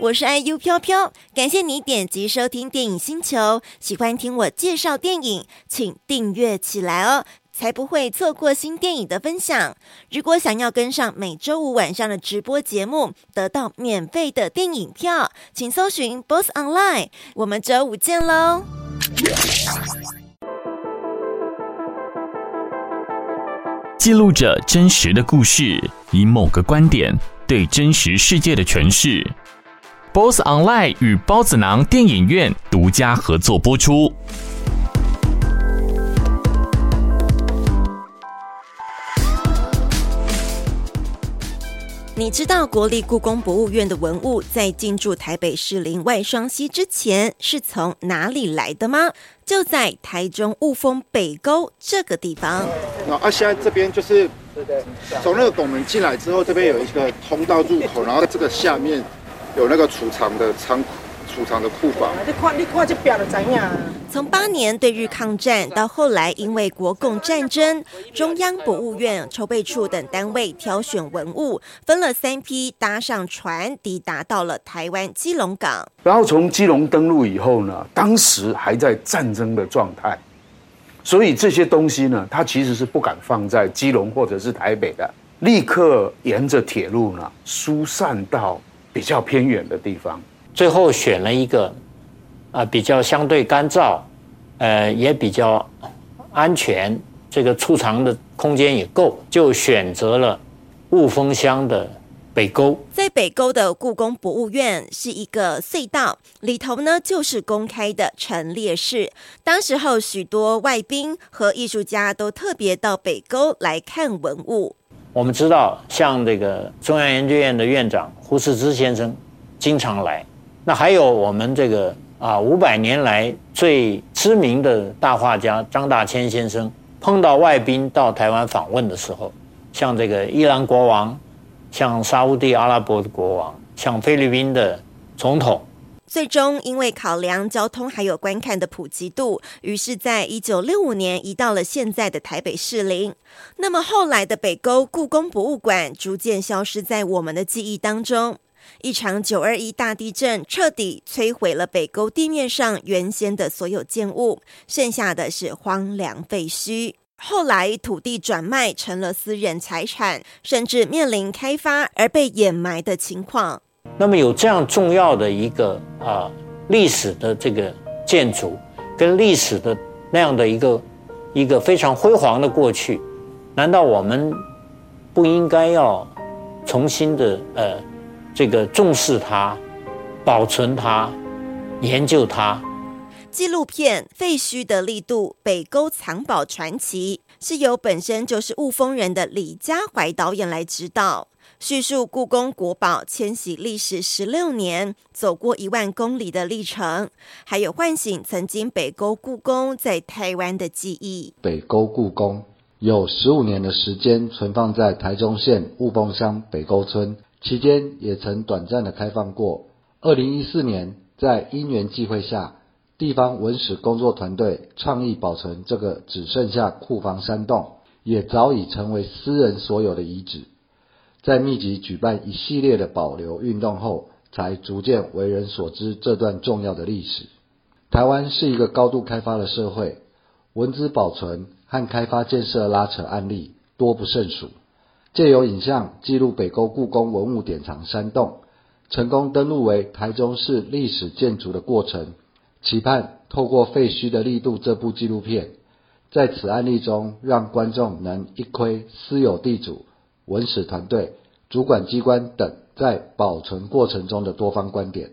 我是 IU 飄飄，感謝你點擊收聽電影星球。喜歡聽我介紹電影，請訂閱起來哦，才不會錯過新電影的分享。如果想要跟上每周五晚上的直播節目，得到免費的電影票，請搜尋 BOSS Online。我們周五見嘍！記錄着真實的故事，以某個觀點對真實世界的詮釋。Boss Online 與孢子囊電影院獨家合作播出。你知道國立故宮博物院的文物在進駐台北士林外雙溪之前是從哪裡來的嗎？就在台中霧峰北溝這個地方，對對、嗯。那啊，現在這邊就是，對對，從那個拱門進來之後，這邊有一個通道入口，然後這個下面。有那個儲藏的倉，儲藏的庫房。啊，你看，你看這邊就知道了。從八年對日抗戰到後來，因為國共戰爭，中央博物院籌備處等單位挑選文物，分了三批搭上船，抵達到了臺灣基隆港。然後從基隆登陸以後呢，當時還在戰爭的狀態，所以這些東西呢，它其實是不敢放在基隆或者是台北的，立刻沿着鐵路呢疏散到。比較偏遠的地方，最後選了一個，啊、呃，比較相對乾燥，呃，也比較安全，這個儲藏的空間也夠，就選擇了霧峰鄉的北溝。在北溝的故宮博物院是一個隧道，裡頭呢就是公開的陳列室。當時候許多外賓和藝術家都特別到北溝來看文物。我們知道，像這個中央研究院的院長胡適之先生經常來。那還有我們這個啊，五百年來最知名的大畫家張大千先生，碰到外賓到台灣訪問的時候，像這個伊朗國王，像沙烏地阿拉伯的國王，像菲律賓的總統。最終，因為考量交通還有觀看的普及度，於是，在一九六五年移到了現在的台北士林。那麼後來的北溝故宮博物館逐漸消失在我們的記憶當中。一場九二一大地震徹底摧毀了北溝地面上原先的所有建物，剩下的是荒涼廢墟。後來土地轉賣成了私人財產，甚至面臨開發而被掩埋的情況。那麼有這樣重要的一個啊、呃、歷史的這個建築，跟歷史的那樣的一個一個非常輝煌的過去，難道我們不應該要重新的呃這個重視它、保存它、研究它？紀錄片《廢墟的力度：北溝藏寶傳奇》是由本身就是霧峰人的李佳懷導演來執導，敘述故宮國寶遷徙歷時十六年，走過一萬公里的歷程，還有喚醒曾經北溝故宮在台灣的記憶。北溝故宮有十五年的時間存放在台中縣霧峰鄉北溝村，期間也曾短暫的開放過。二零一四年在因緣際會下，地方文史工作團隊倡議保存這個只剩下庫房山洞，也早已成為私人所有的遺址。在密集舉辦一系列的保留運動後，才逐漸為人所知這段重要的歷史。台灣是一個高度開發的社會，文資保存和開發建設拉扯案例多不勝數。借由影像記錄北溝故宮文物典藏山洞，成功登錄為台中市歷史建築的過程。期盼透過廢墟的力度這部紀錄片，在此案例中，讓觀眾能一窺私有地主、文史團隊、主管機關等在保存過程中的多方觀點。